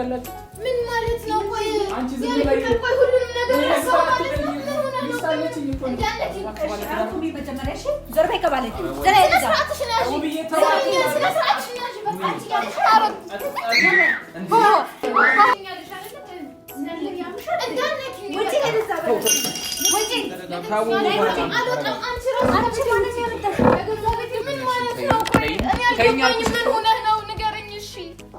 ታደርጋላችሁ? ምን ማለት ነው? ቆይ አንቺ ዝም ብለሽ ቆይ ሁሉንም ነገር ነው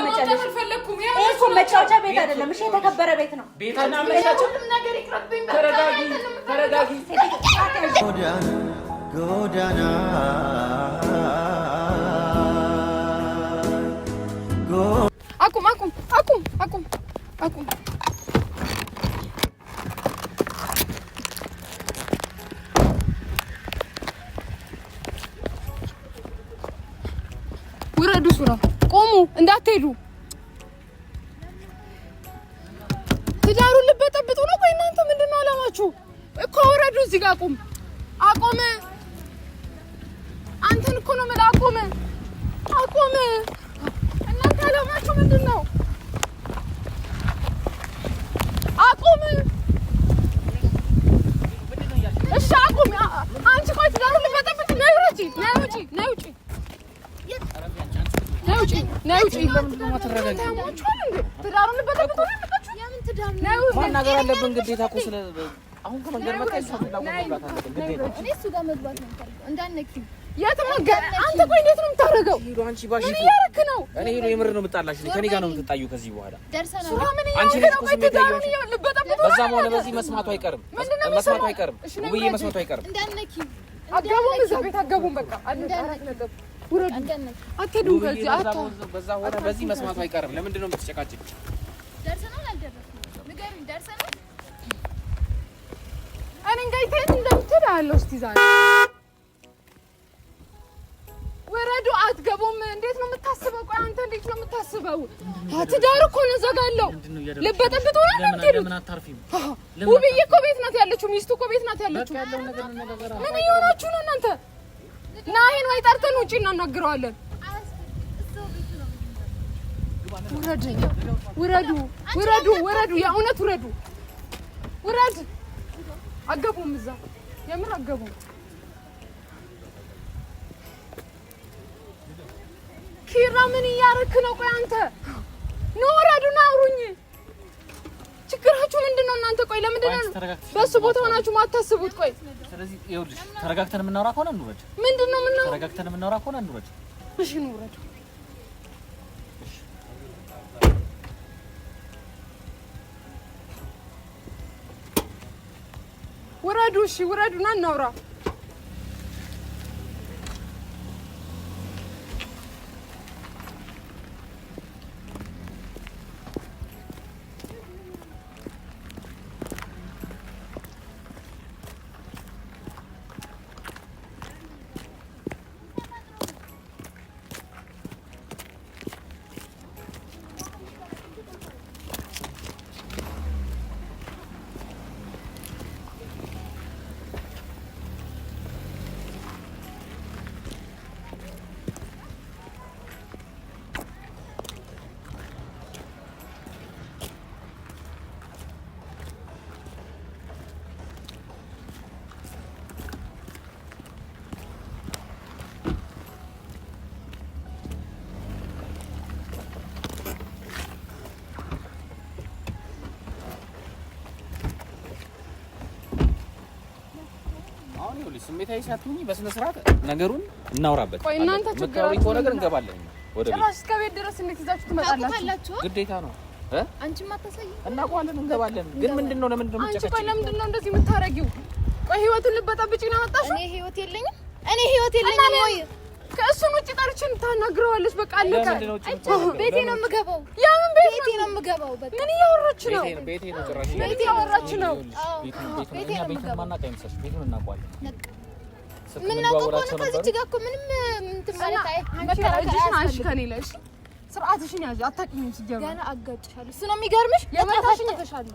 እኮ መጫወቻ ቤት አይደለም። እሺ፣ የተከበረ ቤት ነው። ጎዳና አቁም፣ አቁም፣ አቁም፣ አቁም፣ አቁም ማናገር አለብን ግዴታ እኮ ስለ አሁን ከመንገድ መጣ እሷ መግባት አለብን ግዴታ። እኔ እሱ ጋር መግባት ነው የምታደርገው? እኔ ሄዶ የምር ነው የምጣላሽ። ከእኔ ጋር ነው የምትጣዩ ከዚህ በኋላ አንቺ በዛም ሆነ በዚህ መስማቱ አይቀርም፣ መስማቱ አይቀርም፣ ውብዬ መስማቱ አይቀርም። አትገቡም፣ እዛ ቤት አትገቡም። በቃ አትሄዱም። ከዚህ አታ በዚህ መስማቱ አይቀርም። ለምንድን ነው የምትጨቃጭቅ? ደርሰናል። አልደረስንም? ንገሪኝ። ደርሰናል። እኔ እንጃ የት ወረዱ። አትገቡም። እንዴት ነው የምታስበው? ቆይ አንተ እንዴት ነው የምታስበው? ትዳር እኮ ነው ዘጋለው። ልበጠብጥ ሆነ ነው ውብዬ እኮ ቤት ናት ያለችው። ሚስቱ እኮ ቤት ናት ያለችው። ምን እየሆናችሁ ነው እናንተ? ና ይሄን ወይ ጠርተን ውጪ እናናግረዋለን። ውረድ፣ ውረዱ፣ ውረዱ፣ ውረዱ፣ የእውነት ውረዱ። ውረድ። አገቡም እዛ የምር አገቡም። ኪራ ምን እያረክ ነው? ቆይ አንተ ነው ውረዱና አውሩኝ ችግራችሁ ምንድን ነው እናንተ? ቆይ ለምንድን ነው በእሱ ቦታ ሆናችሁ ማታስቡት? ቆይ ስለዚህ ይኸውልሽ፣ ተረጋግተን የምናወራ ከሆነ እንውረድ። ምንድን ነው የምናወራ? ተረጋግተን የምናወራ ከሆነ እንውረድ። እሺ እንውረድ። ውረዱ። እሺ ውረዱና እናውራ ይኸውልሽ ስሜታዊ ሳትሆኚ በስነ ስርዓት ነገሩን እናውራበት። ቆይ እናንተ ችግር ቆይ ነገር እንገባለን ወደ ቤት እስከ ቤት ድረስ እንዴት ይዛችሁ ትመጣላችሁ? ግዴታ ነው። አንቺም አታሳይ። እናውቀዋለን፣ እንገባለን። ግን ምንድን ነው ለምንድን ነው የምትጨቀጭ? ቆይ ለምንድን ነው እንደዚህ የምታረጊው? ቆይ ህይወቱን ልበጣብጭ ነው መጣሽ? እኔ ህይወት የለኝም፣ እኔ ህይወት የለኝም። ወይ ከእሱን ውጭ ጠርችን ታናግረዋለች። በቃ አለቀ። ቤቴ ነው የምገባው ያ ቤቴ ነው የምገባው። በቃ ምን እያወራች ነው። ቤቴ ነው ጭራሽ ቤቴ እያወራች ነው። ቤቴ ነው ቤቴ ነው ማናቀ ይምሰሽ ቤቱን እናውቀዋለን። የምናውቀው ከሆነ ከዚች ጋር እኮ ምንም እንትን ማለት አይ መከራከር አንቺ ከኔ ላይ እሺ፣ ስርዓትሽን ያዥ። አታውቂኝም ሲጀመር ገና አጋጭሻለሁ። እሱ ነው የሚገርምሽ። ለጠፋሽ ተፈሻለሁ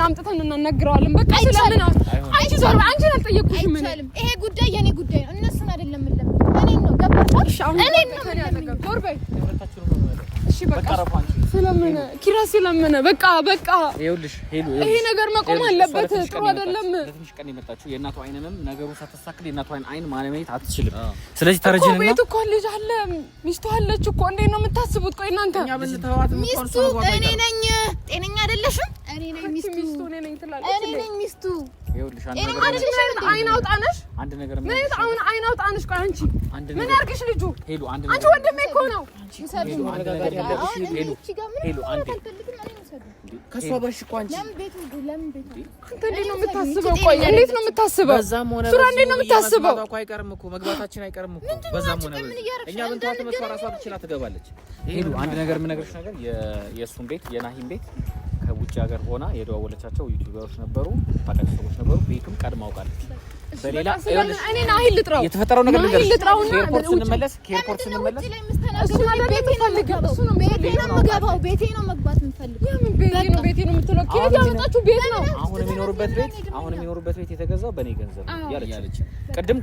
ምን አምጥተን እናናግረዋለን? በቃ ስለምን አንቺ ዞር አንቺ አልጠየቅኩሽ። ምን ይሄ ጉዳይ የኔ ጉዳይ ነው፣ እነሱን አይደለም። ለም እኔ ነው ገባሽ? እኔ ነው ዞር በይ እሺ። በቃ ስለምን ኪራ ስለምን በቃ በቃ ይኸውልሽ፣ ሄሉ ይሄ ነገር መቆም አለበት። ጥሩ አይደለም። ትንሽ ቀን የመጣችው የእናቱ አይንንም ነገሩ ሳትሳክል የእናቱ አይን አይን ማለመየት አትችልም። ስለዚህ ተረጅንና እና ቤት እኮ ልጅ አለ ሚስቱ አለች እኮ እንዴት ነው የምታስቡት? ቆይ እናንተ ሚስቱ እኔ ነኝ። ጤነኛ አይደለሽም እኔ ነኝ ሚስቱ አንድ ነገር አሁን አይን አውጣ ቆይ አንቺ ምን ያርግሽ ልጁ? አንቺ ወንድሜ እኮ ነው። ከእሷ በሽ እኮ አንቺ አንተ እንዴት ነው የምታስበው? ቆይ እንዴት ነው የምታስበው? ሱራ እንዴት ነው የምታስበው? አይቀርም እኮ መግባታችን አይቀርም እኮ በዛም ሆነ እኛ ምን ተዋት መስራት ራሷ ትገባለች። ሄሉ አንድ ነገር የምነግርሽ ነገር የእሱን ቤት የናሂን ቤት ውጭ ሀገር ሆና የደዋወለቻቸው ዩቲዩበሮች ነበሩ፣ ታዋቂ ሰዎች ነበሩ። ቤቱም ቀድማ አውቃለች። በሌላ የተፈጠረው ነገር ቤቴ ነው መግባት ቤቴ ነው የምትለው ቤት ነው? አሁን የሚኖሩበት ቤት አሁን የሚኖሩበት ቤት የተገዛው በእኔ ገንዘብ ያለች። ቅድም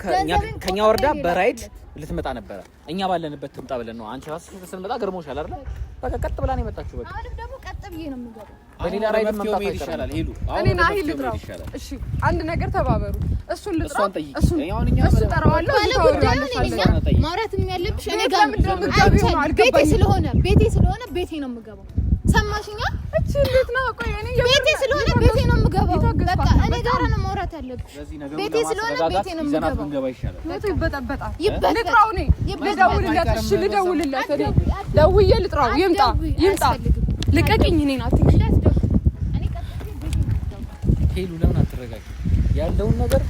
ከእኛ ወርዳ በራይድ ልትመጣ ነበረ። እኛ ባለንበት ትምጣ ብለን ነው። አንቺ ራስሽ ስትመጣ ገርሞሻል አይደል? በቃ ቀጥ ብላ ነው የመጣችሁ በቃ ብዬ ነው የምገባው። በሌላ ራይድ መምጣት ይሻላል። ሄሉ እኔ ናሂ ልጥራው። እሺ አንድ ነገር ተባበሩ። እሱን ልጥራው። እሱን እሱ ጠራዋለሁ። ማውራትም ያለብሽ እኔ ጋር ቤቴ ስለሆነ ቤቴ ስለሆነ ቤቴ ነው የምገባው። ሰማሽኛ? እቺ እንዴት ነው? ቆይ እኔ ቤቴ ስለሆነ ቤቴ ነው የምገባው። በቃ እኔ ጋር ነው ማውራት ያለብሽ። ቤቴ ስለሆነ ቤቴ ነው የምገባው። ቤቱ ይበጠበጣል። ልጥራው። እኔ ልደውልላት። እሺ ልደውልላት። እኔ ደውዬ ልጥራው። ይምጣ ይምጣ ልቀቅኝ። እኔን አትንኪኝ። ሄሉ ለምን አትረጋጊ? ያለውን ነገር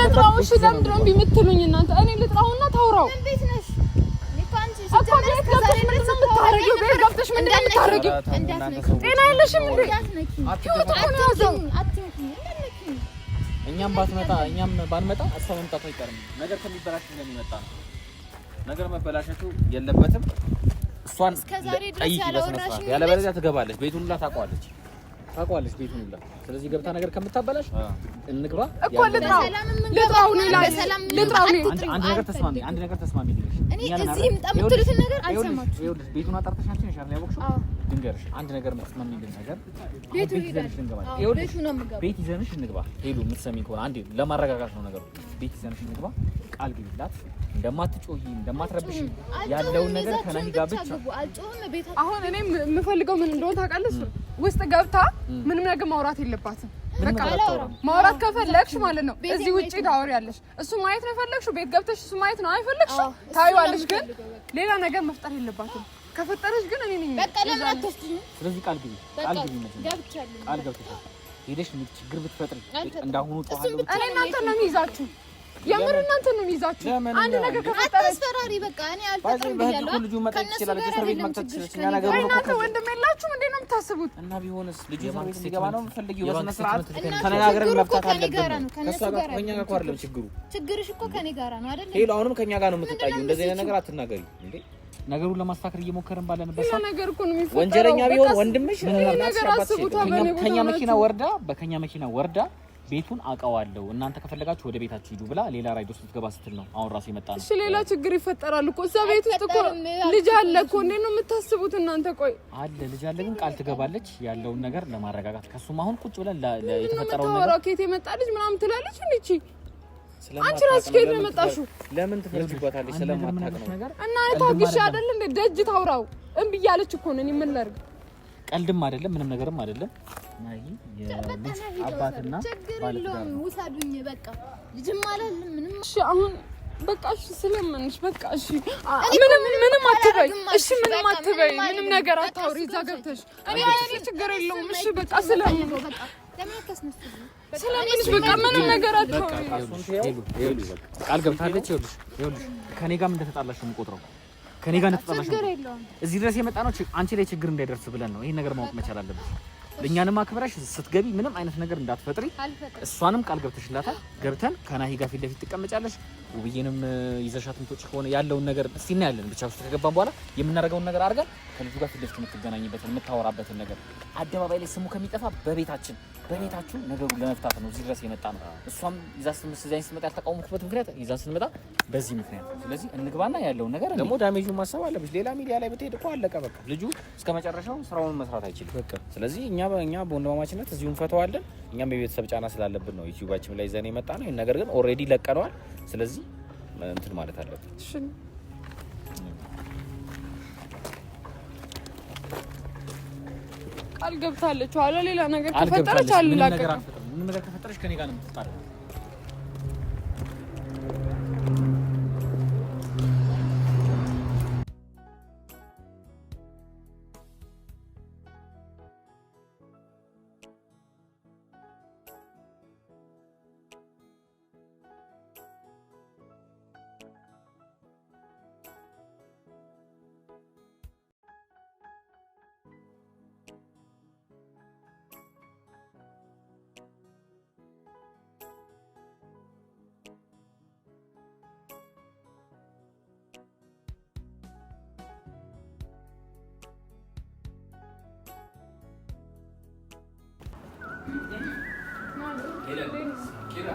ልጥራው። እሺ ለምንድን ነው እምቢ የምትሉኝ እናንተ? እኔ ልጥራውና ታውራው እኛም ባትመጣ እኛም ባንመጣ እሷ መምጣቱ አይቀርም። ነገር ከሚበላሽ እንደሚመጣ ነው። ነገር መበላሸቱ የለበትም። እሷን ጠይቂ በስነስርዓት ያለበለዚያ ትገባለች። ቤቱን ሁላ ታውቀዋለች ታውቀዋለች ቤቱን ሁላ። ስለዚህ ገብታ ነገር ከምታበላሽ እንግባ እኮ አንድ ነገር ተስማሚ፣ አንድ ነገር ተስማሚ። እኔ ቤቱን ያወቅሽው? ድንገርሽ አንድ ነገር ነገር ቤት ይዘንሽ እንግባ። ሄሉ ከሆነ አንዴ ለማረጋጋት ነው ነገሩ። ቤት ይዘንሽ እንግባ፣ ቃል ግቢላት እንደማትጮሂ እንደማትረብሽ ያለውን ነገር ከናሂ ጋር ብቻ አሁን እኔ የምፈልገው ምን እንደሆነ ታውቃለች። ውስጥ ገብታ ምንም ነገር ማውራት የለባትም። ማውራት ከፈለግሽ ማለት ነው እዚህ ውጪ ታወሪያለሽ። እሱ ማየት ነው የፈለግሽው፣ ቤት ገብተሽ እሱ ማየት ነው አይፈለግሽው፣ ታዩዋለሽ። ግን ሌላ ነገር መፍጠር የለባትም። ከፈጠረሽ ግን እኔ ነኝ። ስለዚህ ቃል ግቢ፣ ቃል ግቢ፣ ቃል ገብተሽ ሄደሽ ችግር ብትፈጥሪ እንዳሁኑ እኔ እናንተ ነው የሚይዛችሁ የምር እናንተ ነው የሚይዛችሁ። አንድ ነገር ከፈጠረ አስፈራሪ በቃ እኔ አልፈጥርም ብያለሁ። ልጁ መጣ ይችላል። እስር ቤት መክተት ትችላለች። ነገር ነው። እናንተ ወንድም የላችሁም እንዴ ነው የምታስቡት? እና ቢሆንስ ልጁ የማንክስ ሲገባ ነው የምፈልጊው። በስነ ስርዓት ተነጋግረን መፍታት አለብን። ከእሷ ጋር ከኛ ጋር እኮ አይደለም ችግሩ። ችግርሽ እኮ ከኔ ጋር ነው አይደል? ሄሎ፣ አሁንም ከኛ ጋር ነው የምትጣዩ። እንደዚህ አይነት ነገር አትናገሪ እንዴ ነገሩን ለማስተካከል እየሞከርን ባለንበት ሰዓት ወንጀለኛ ቢሆን ወንድምሽ ከኛ መኪና ወርዳ በከኛ መኪና ወርዳ ቤቱን አውቀዋለሁ እናንተ ከፈለጋችሁ ወደ ቤታችሁ ሂዱ ብላ ሌላ ራይድ ውስጥ ልትገባ ስትል ነው አሁን ራሱ የመጣ ነው። እሺ ሌላ ችግር ይፈጠራል እኮ እዛ ቤት ውስጥ እኮ ልጅ አለ እኮ። እንዴት ነው የምታስቡት እናንተ? ቆይ አለ ልጅ አለ፣ ግን ቃል ትገባለች ያለውን ነገር ለማረጋጋት ከሱም አሁን ቁጭ ብለን የተፈጠረው ነገር ኬት የመጣ ልጅ ምናምን ትላለች እንዴ አንቺ ራስሽ ከሄድ ነው የመጣሽው። ለምን ትፈርጂባታለሽ? ስለማታውቅ ነው። እና ታግሽ አይደል እንዴ ደጅ ታውራው እምቢ እያለች እኮ ነው። እኔ ምን ላድርግ ቀልድም አይደለም፣ ምንም ነገርም አይደለም። ማሂ የልጅ አባትና ባለትዳር ነው። ውሰዱኝ በቃ ልጅም አላለም ምንም። እሺ አሁን በቃ እሺ፣ ስለምንሽ በቃ እሺ፣ ምንም ምንም አትበይ። እሺ ምንም አትበይ፣ ምንም ነገር አታውሪ። እዛ ገብተሽ እኔ አይኔ ችግር የለውም። እሺ በቃ ስለምን ስለምንሽ በቃ ምንም ነገር አታውሪ። ቃል ገብታለች። ይኸውልሽ ከኔ ጋርም እንደተጣላሽ ነው የምቆጥረው ከኔ ጋር እንተጣላሽ እዚህ ድረስ የመጣ ነው አንቺ ላይ ችግር እንዳይደርስ ብለን ነው። ይሄን ነገር ማወቅ መቻል አለብሽ። እኛንም አክብረሽ ስትገቢ ምንም አይነት ነገር እንዳትፈጥሪ። እሷንም ቃል ገብተሽላታል። ገብተን ከናሂ ጋር ፊት ለፊት ትቀመጫለሽ። ውብዬንም ይዘሻት ምትወጪ ከሆነ ያለውን ነገር እስቲ እናያለን። ብቻ ውስጥ ከገባን በኋላ የምናደርገውን ነገር አድርገን ከልጁ ጋር ፊት ለፊት የምትገናኝበትን የምታወራበትን ነገር አደባባይ ላይ ስሙ ከሚጠፋ በቤታችን በኔታችሁ ነገሩን ለመፍታት ነው እዚህ ድረስ የመጣ ነው። እሷም ይዛ ስዛኝ ስመጣ ያልተቃወምኩበት ምክንያት ይዛ ስንመጣ በዚህ ምክንያት ነው። ስለዚህ እንግባና ያለውን ነገር ደግሞ ዳሜጁ ማሰብ አለብሽ። ሌላ ሚዲያ ላይ ብትሄድ እኮ አለቀ በቃ። ልጁ እስከ መጨረሻው ስራውን መስራት አይችልም በቃ። ስለዚህ እኛ እኛ በወንድማማችነት እዚሁ እንፈተዋለን። እኛም የቤተሰብ ጫና ስላለብን ነው ዩቲዩባችን ላይ ይዘን የመጣ ነው። ነገር ግን ኦልሬዲ ለቀነዋል። ስለዚህ እንትን ማለት አለብን ቃል ገብታለች። ኋላ ሌላ ነገር ከፈጠረች አልላቀቅም። ምንም ነገር ከፈጠረች ከኔ ጋር ነው የምትጣለው 给了，给了。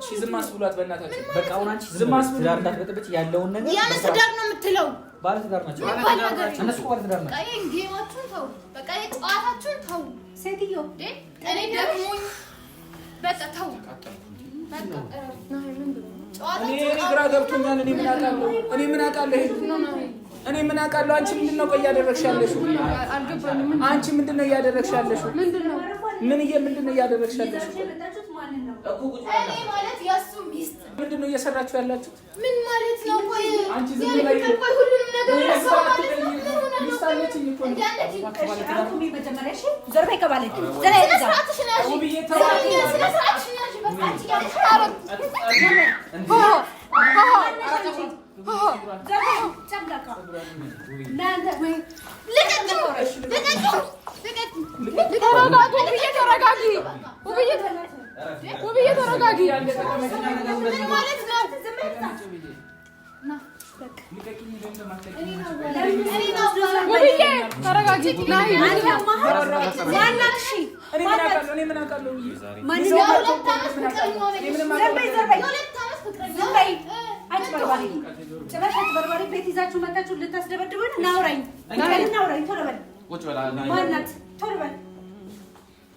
እሺ ዝም አስብሏት፣ በእናታችሁ በቃ አሁን አንቺ ዝም አስብሏት። ትዳር እንዳትበጥብጭ ያለውን ነገር ያለ ትዳር ነው የምትለው። ባለ ትዳር ናቸው እነሱ፣ ባለ ትዳር ናቸው። ቀይ ጌማችሁን ተው፣ በቃ ጨዋታችሁን ተው። ሴትዮ እኔ ደግሞኝ በቃ ተው። ግራ ገብቶኛል። እኔ ምን አውቃለሁ? እኔ ምን አውቃለሁ? እኔ ምን አውቃለሁ? አንቺ ምንድን ነው ቆይ እያደረግሽ ያለሽው? አንቺ ምንድን ነው እያደረግሽ ያለሽው? ምን እየ ምንድን ነው እያደረግሽ ያላችሁት ምንድን ነው እየሰራችሁ ያላችሁት ምን ማለት ነው ቆይ ተረጋጊ ውብዬ ተረጋጊ። ጭራሽ በርባሪ ቤት ይዛችሁ መጣችሁ ልታስደበድቡን። ናውራኝ ናውራኝ፣ ቶሎ በል ናት፣ ቶሎ በል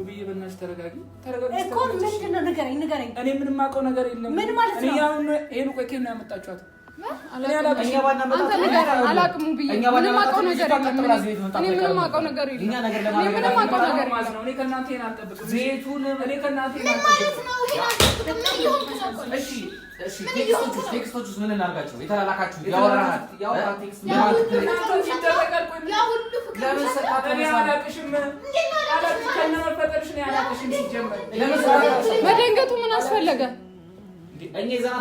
ውብዬ በእናትሽ ተረጋጊ፣ ተረጋጊ እኮ እኔ ምንም አውቀው ነገር የለም። ምን ማለት ነው? አሁን ይሄን እኮ ኬት ነው ያመጣችኋት? አላውቅም መደንገቱ ምን አስፈለገ?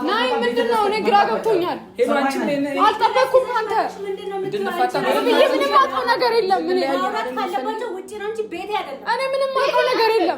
ናይ ምንድን ነው? እኔ ግራ ገብቶኛል። አልጠበኩም። አንተ ብዬ ምንም አውቀው ነገር የለም። እኔ ምንም አውቀው ነገር የለም።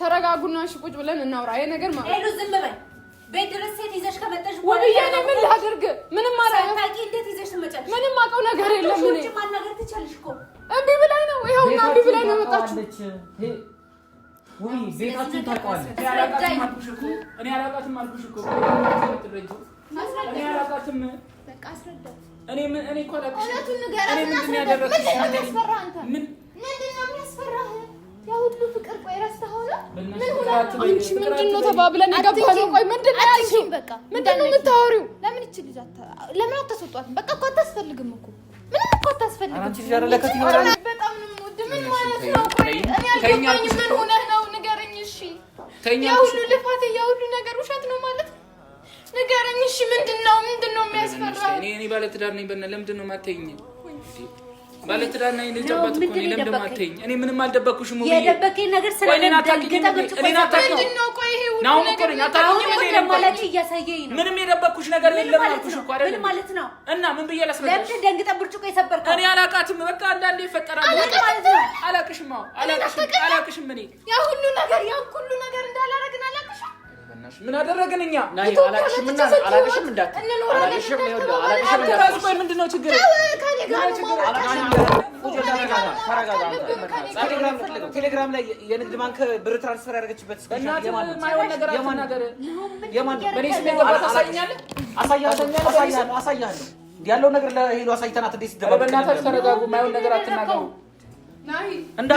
ተረጋጉና እሺ ቁጭ ብለን እናውራ። ይሄ ነገር ማለት ነው። ዝም በይ ቤት ድረስ ሴት ይዘሽ ከመጣሽ በኋላ ወዲያኔ ምን ላድርግ? ምንም አላውቅም። እንዴት ይዘሽ ትመጫለሽ? ምንም አውቀው ነገር የለም። ምን ውጪ ማናገር ትቻለሽ እኮ እምቢ ብላኝ ነው። ይኸውና እምቢ ብላኝ ነው የመጣችው። ወይ ቤታችሁን ታውቀዋለች። እኔ አላውቃትም አልኩሽ እኮ አንቺ ምንድን ነው ተባብለን የገባነው? ቆይ ምንድን ነው ያልሽው? ምንድን ነው የምታወሪው? ለምን ይቺ ልጅ ለምን አታስወጧትም? በቃ እኮ አታስፈልግም እኮ ምንም እኮ አታስፈልግም። ምን ማለት ነው? ቆይ እኔ አልገባኝም። ምን ሆነህ ነው ንገረኝ። እሺ ያ ሁሉ ልፋት፣ ያ ሁሉ ነገር ውሸት ነው ማለት ንገረኝ። እሺ፣ ምንድን ነው ምንድን ነው የሚያስፈራ? እኔ ባለትዳር ነኝ። በእናትህ ለምንድን ነው የማታይኝ? ባለትዳር ነኝ። ልጅ አባት እኮ ነኝ። ለምንድን ነው የማታይኝ? እኔ ምንም አልደበኩሽም። የደበከኝ ነገር ምንም የደበኩሽ ነገር እና ምን ብዬ ላስረዳሽ? ለምን ደንግጠህ ብርጭቆ የሰበርከው? እኔ አላውቃትም። በቃ አንዳንዴ ይፈጠራል። አላውቅሽም። አዎ እኔ ያ ሁሉ ነገር ያ ሁሉ ነገር እንዳላረግን አላውቅም ምን አደረግን እኛ? ምንድን ነው ችግር? ቴሌግራም ላይ የንግድ ባንክ ብር ትራንስፈር ያደረገችበት ያለው ነገር ለሄሉ አሳይተናት፣ እንዴት ሲደባ በእናታችሁ ተረጋጉ። የማይሆን ነገር አትናገሩ። እኔ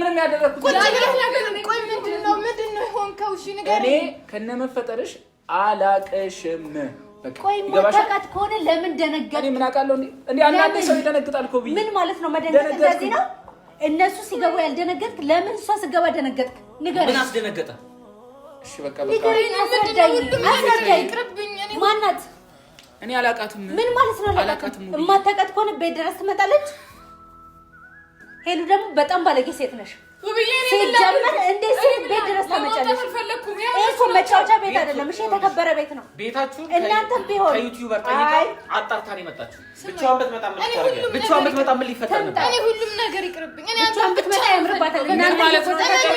ምንም ያደረግኩት እኔ አላቅሽም። ቆይ ሞተቀት ከሆነ ለምን ደነገጥ? ምን አውቃለሁ። እንደ አንዳንድ ሰው ይደነግጣል እኮ ብዬሽ ምን ማለት ነው መደነገጥ? እንደዚህ ነው። እነሱ ሲገቡ ያልደነገጥክ ለምን እሷ ስገባ ደነገጥክ? ንገረኝ። ምን አስደነገጠ? እሺ በቃ በቃ ማናት እኔ አላውቃትም። ምን ማለት ነው አላውቃትም? የማታውቃት ከሆነ ቤት ድረስ ትመጣለች። ሄሉ ደግሞ በጣም ባለጌ ሴት ነሽ። ሲጀመር እንዴት ቤት ድረስ ታመጫለሽ? ይሄ እኮ መጫወቻ ቤት አይደለም። እሺ የተከበረ ቤት ነው ቤታችሁ። እናንተም ቢሆን ከዩቲዩበር ጠይቃ አጣርታ ነው የመጣችሁ። ብቻዋን ብትመጣ ምን ታደርጊያለሽ? ብቻዋን ብትመጣ ምን ሊፈጠር ነበር? እኔ ሁሉም ነገር ይቅርብኝ። እኔ ብቻዋን ብትመጣ ያምርባታል። እናንተ ማለት ነው ተረጋጉ።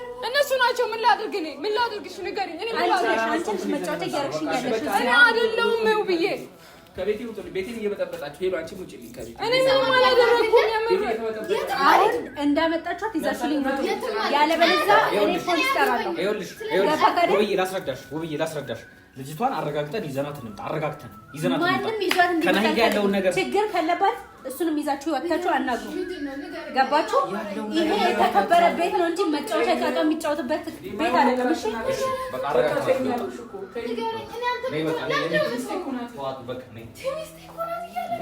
እነሱ ናቸው። ምን ላድርግ እኔ ምን ላድርግ? እሺ ንገሪኝ። እኔ ምን ላድርግ? መጫወት ያለሽ እኔ ነው ብዬ ከቤቴ ቤቴን አንቺ እኔ ምንም አላደረኩም። እንዳመጣችኋት ይዛችሁልኝ ነው ያለበለዚያ እኔ ፖሊስ እጠራለሁ። ውብዬ ላስረዳሽ፣ ውብዬ ላስረዳሽ ልጅቷን አረጋግጠን ይዘናት እንምጣ። አረጋግጠን ይዘናት እንምጣ። ከናሂ ጋር ያለውን ነገር ችግር ከለባት እሱንም ይዛችሁ ወጥታችሁ አናግሩ ገባችሁ? ይሄ የተከበረ ቤት ነው እንጂ መጫወቻ ጫጫ የሚጫወትበት ቤት አይደለም። እሺ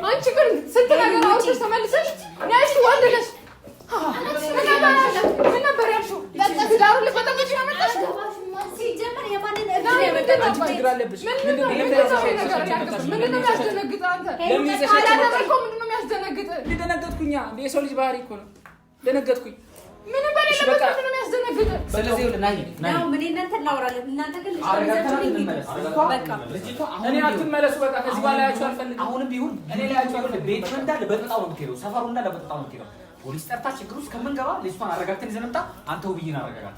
አንቺ ግን ስንት ነገር አውጥተሽ ተመልሰሽ ነሽ ወንድ ነሽ። ምን ነበር ያልሽው? ትዳሩን ልፈጠመች ነው መጣሽ ሲጀመር የማንን ደነገጥኩኝ። የሰው ልጅ ባህሪ እኮ ነው። ደነገጥኩኝ። ምንም በሌለበት ነው ስለዚህ እናንተ እናወራለን፣ እናንተ ግን አሁንም ቢሆን እኔ ፖሊስ ጠርታ ችግር ውስጥ ከምንገባ ልጅቷን አረጋግተን ይዘን እንምጣ። አንተ ውብዬን አረጋጋት